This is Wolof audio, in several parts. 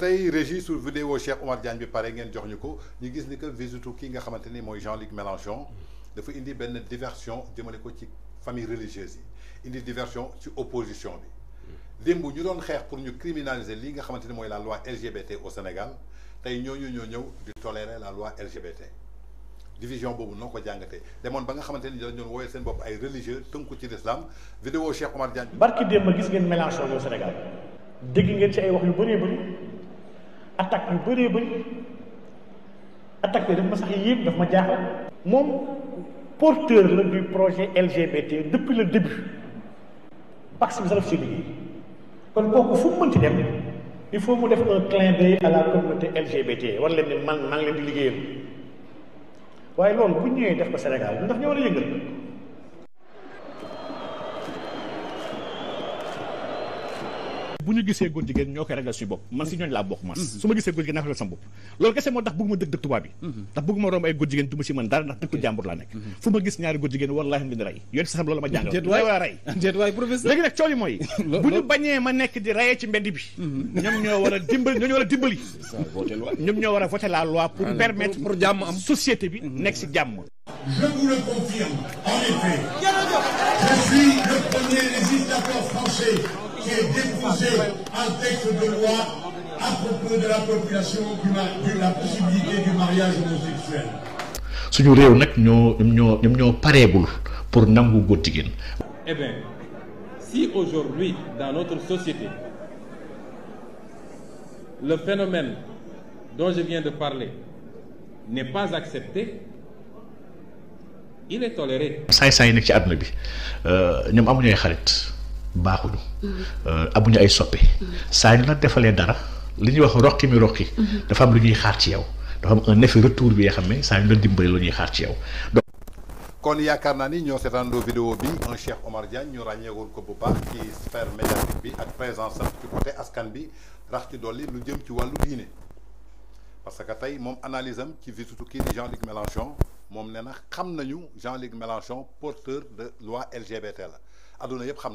tey régie sur vidéo Cheikh Omar Diagne bi pare ngeen jox ñu ko ñu gis ni que visitu kii nga xamante ni Jean-Luc Mélenchon dafa indi benn diversion jëmale ko ci famille religieuse yi indi diversion ci opposition bi démb ñu doon xeex pour ñu criminaliser lii nga xamante ni la loi LGBT au Sénégal tey ñooñu ñoo di tolérer la loi LGBT division bobu noo ko jàngatee demoon ba nga xamanteni ni dañu doon woowee seen bop ay religieux teunku ci l'islam vidéo Cheikh Omar Diagne. barki démb gis ngeen Mélenchon au Sénégal dégg ngeen ci ay wax yu bëree bëri. attaque yu bëree bëri attaque bi daf ma sax yépp daf ma jaaxal moom porteur la du projet LGBT depuis le début pax bi sa def si liggéey kon kooku fu mu mënti dem il faut mu def un clin d'œil à la communauté LGBT war leen ne man leen di liggéeyal waaye loolu bu ñëwee def ko Sénégal lu ndax ñoo war a yëngal bu ñu gisee góor jigéen ñoo koy ragal suñu bopp man si ñooñu laa bokk man mhm. suma ma gisee góor jigéen naa ragal sama bopp loolu kese moo tax bëgguma dëkk dëkk tubaab bi mhm. ndax bëgguma romb ay góor jigéen du ma si man dara ndax dëkku jàmbur laa nekk mhm. fu ma gis ñaari góor jigéen wallahi mu ray yoon si sam loolu ma jàngal way ray jet way professeur léegi nag coow yi mooy bu ñu bañee ma nekk di rayee ci mbedd bi ñoom ñoo war a dimbali ñoo war a dimbali ñoom ñoo war a voter la loi ah, pour permettre pour jàmm am société bi nekk si jàmm Je vous le confirme, en effet, y'a je suis le premier législateur français qui est déposé un texte de loi à propos de la population de la possibilité du mariage homosexuel. suñu n'est pas ñoo ñoo nous pour nangu góor Eh bien, si aujourd'hui dans notre société le phénomène dont je viens de parler n'est pas accepté, il est toléré. Ça, ça, il nekk ci àdduna bi euh, ñoom amuñu baaxuñu. Euh, amuñu ay soppe. saa ñu dara li ñuy wax mi dafa un effet retour bi ne ñu lu ñuy xaar ci yow. kon vidéo Cheikh Omar Diagne ñu ko bu baax ci médiatique bi ak présence côté askan bi lu jëm ci parce que tey mon analyse ci Jean-Luc Mélenchon moom na Jean-Luc Mélenchon porteur de loi LGBT la aduna yëpp xam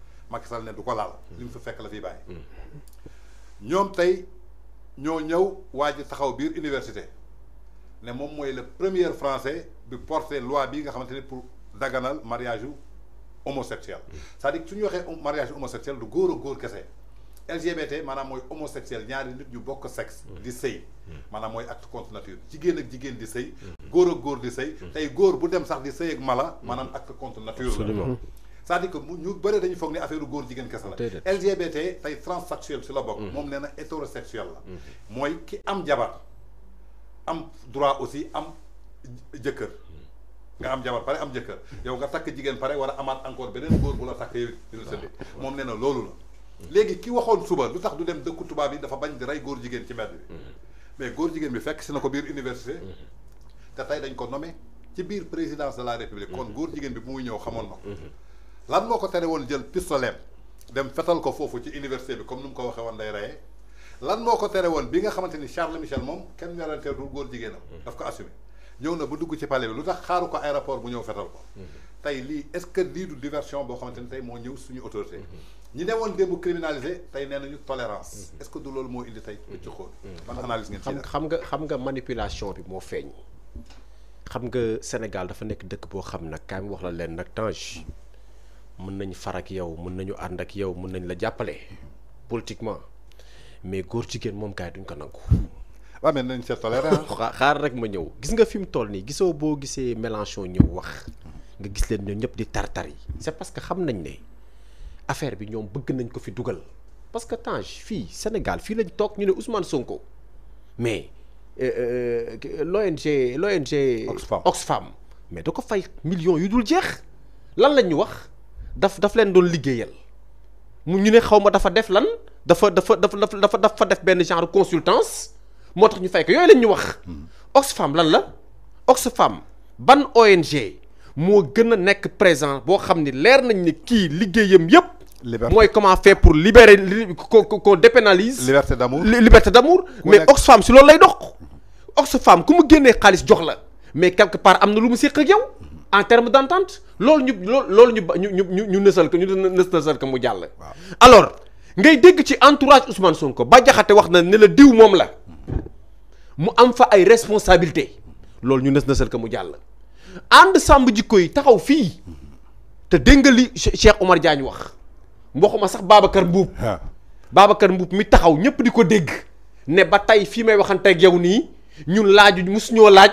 Macky Sall ne du ko laal. Hmm. li mu fekk la fi baye hmm. ñom tay ño ñew waji taxaw biir université né mom moy le premier français bi porter loi bi nga xamanteni pour daganal mariage homosexuel. Hmm. c'est-à-dire suñu waxé mariage homosexuel du góor a kessé LGBT manam moy homosexuel ñaari nit yu bokk sexe. di sëy manam moy acte contre nature jigéen ak jigen di sëy góor ak góor di sëy tay góor bu dem sax di sëy ak mala. manam acte contre nature la. c'est-à-dire que nous avons dañu foog ne affaire góor jigéen kese la LGBT est transsexuel si la bokk moom nee na hétérosexuel la mooy ki am jabar am droit aussi am jëkkër nga am jabar pare am jëkkër yow nga takk jigéen pare war a amaat encore beneen góor bu la takk yow di la sëdde moom nee a loolu la nous avons waxoon suba lu tax du dem dëkku tubaab yi dafa bañ di rey góor jigéen ci mbedd bi mais góor jigéen bi fekk si na ko biir université te tey dañ ko nommé ci biir présidence de la république kon góor jigéen bi bu muy ñëw xamoon na lan moo ko tere woon jël pistolet dem fetal ko foofu ci université bi comme nu mu ko waxee woon day reyee lan moo ko tere woon bi nga xamante ni Charles Michel moom kenn werantee du góor jigéenam daf ko assumé ñëw na ba dugg ci palais bi lu tax ko aéroport bu ñëw fetal ko tey lii est-ce que lii du diversion bo xamanteni tay mo ñëw suñu autorité ñi ne woon démb criminalisé tey nee nañu tolérance est-ce que du lol mo indi tay ci xóol ban analyse ngeen ci xam nga xam nga manipulation bi mo feñ xam nga Sénégal dafa nek dëkk bo xam nak kay wax la len nak Tange mën nañ far ak yow mën nañu ànd ak yow mën nañ la jappalé politiquement mais góor jigéen mom kay duñ ko nangu. wa mais nañ seet ah. xaar rek ma ñëw gis nga fim toll ni gisoo bo gisee Mélenchon ñëw wax nga gis leen ñoom ñëpp di tartar yi c'est parce que xam nañ né affaire bi ñom bëgg nañ ko fi duggal parce que Tange fi Sénégal fi lañ tok ñu né Ousmane Sonko mais euh, euh, l'ONG l'ONG Oxfam mais da ko fay millions yu dul jeex lan lañ ñu wax daf daf len doon ñu ne dafa def lan dafa dafa dafa dafa def genre consultance motax ñu fay ko lañ ñu wax. Hmm. Oxfam lan la Oxfam ban ONG qui nek présent boo nañ comment faire pour libérer qu'on dépénalise. liberté d'amour liberté d'amour mais Oxfam si ce lay Oxfam pas jox la. mais quelque par am na lu mu séq ak yow en terme d' entente loolu ñu loolu ñu ñu ñu ñu nësal ko ñu nës nësal ko mu jàll. alors ngay dégg ci entourage Ousmane Sonko ba jaxate wax na ne la diw moom la mu am fa ay responsabilité loolu ñu nës nësal ko mu jàll. ànd sàmb jikko yi taxaw fii te dégg nga li Cheikh Omar Diagne wax waxuma sax baabakar Mbuub Babacar Mbuub mi taxaw ñëpp di ko dégg ne ba tey fii may waxanteeg yow nii ñun laaju mosu ñoo laaj.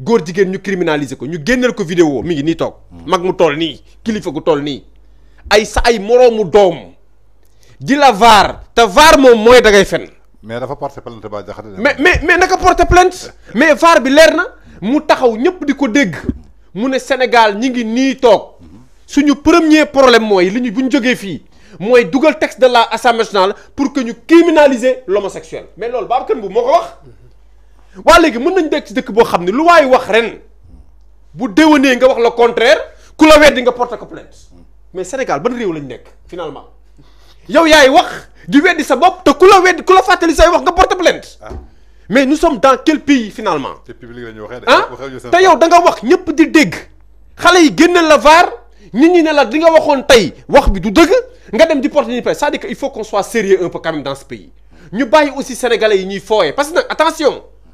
góor jigéen ñu criminaliser ko ñu génneel ko vidéo mi ngi ni tok mag mu toll ni kilifa gu toll ni ay sa ay moroomu dom di la vaar te mom moy da ngay fen mais dafa porter plainte ba mais mais mais naka porter plainte mais var bi leer na mu taxaw ñëpp diko ko mu ne Sénégal ñi ngi ni tok suñu premier problème moy liñu ñu joggé fi moy dougal texte de la Assemblée nationale pour que ñu criminaliser l'homosexuel mais lool Babacar Mbow moo ko wax wa léegi mën nañ dekk ci dëkk boo xam ne lu waay wax ren bu déwénee nga wax le contraire ku la weddi nga porte ko mais Sénégal ban réew lañ nekk finalement yow yaay wax di weddi sa bopp te ku la weddi ku la fàttali say wax nga porte plainte ah. mais nous sommes dans quel pays finalement ah te yow da nga wax ñëpp di dégg xale yi génne la var nit ñi la di nga waxoon tay, wax bi du dëgg nga dem di porte ni c'est-à-dire il faut qu'on soit sérieux un peu quand même dans ce pays ñu bàyyi aussi sénégalais yi ñuy fooye parce que attention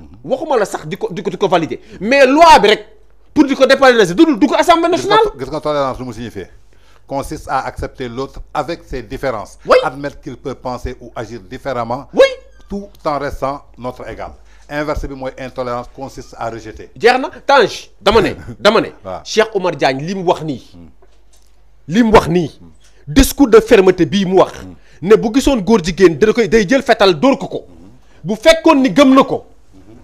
Mm-hmm. waxuma la sax di ko di ko mais valider mais loi bi rek pour di ko dépénaliser du dul du ko assemblée nationale. gis tolérance nous signifie consiste à accepter l'autre avec ses différences. admettre qu'il peut penser ou agir différemment. oui tout en restant notre égal. inversement moi, intolérance consiste à rejeter. jeex na Tange dama ne dama Cheikh Omar Diagne li wax nii. Hmm. li wax hmm. discours de fermeté bii mu wax. Hmm. ne bu son góor jigéen de koy day jël fetal dóor ko ko. bu fekkoon ni gëm ko.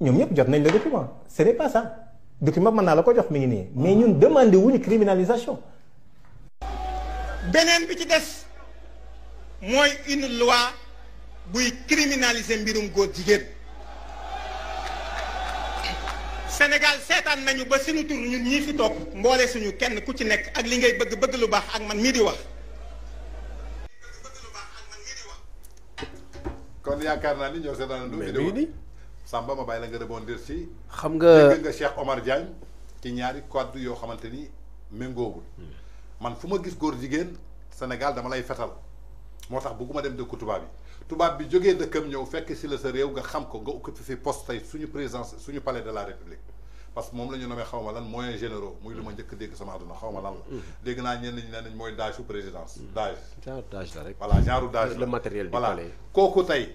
ñoom ñëpp jot nañ le document ce n'est pas ça document mën naa la ko jox mu ngi nii mais ñun demandé wuñu criminalisation beneen bi ci des mooy une loi buy criminaliser mbirum góor jigéen Sénégal seetaan nañu ba suñu tur ñun ñii fi toog mboole suñu kenn ku ci nekk ak li ngay bëgg bëgg lu baax ak man mii di wax yaakaar naa ni ñoo seetaan du vidéo Samba ma bàyyi la nga rebondir si. xam nga dégg Omar Diagne ci ñaari kàddu yoo xamante ni méngoowul. Hmm. man fu ma gis góor jigéen Sénégal dama lay fetal moo tax bëgguma dem dëkku tubaab yi tubaab bi jógee dëkkam ñëw fekk si la sa réew nga xam ko nga occupé fi poste tey suñu présidence suñu palais de la république. parce que moom la ñu nommé xaw ma lan moyens généraux muy lu ma njëkk dégg sama àdduna xaw ma lan la. Hmm. dégg naa ñenn ñi ne nañ mooy daaju présidence. Hmm. daaj genre daaj la la le matériel kooku tey.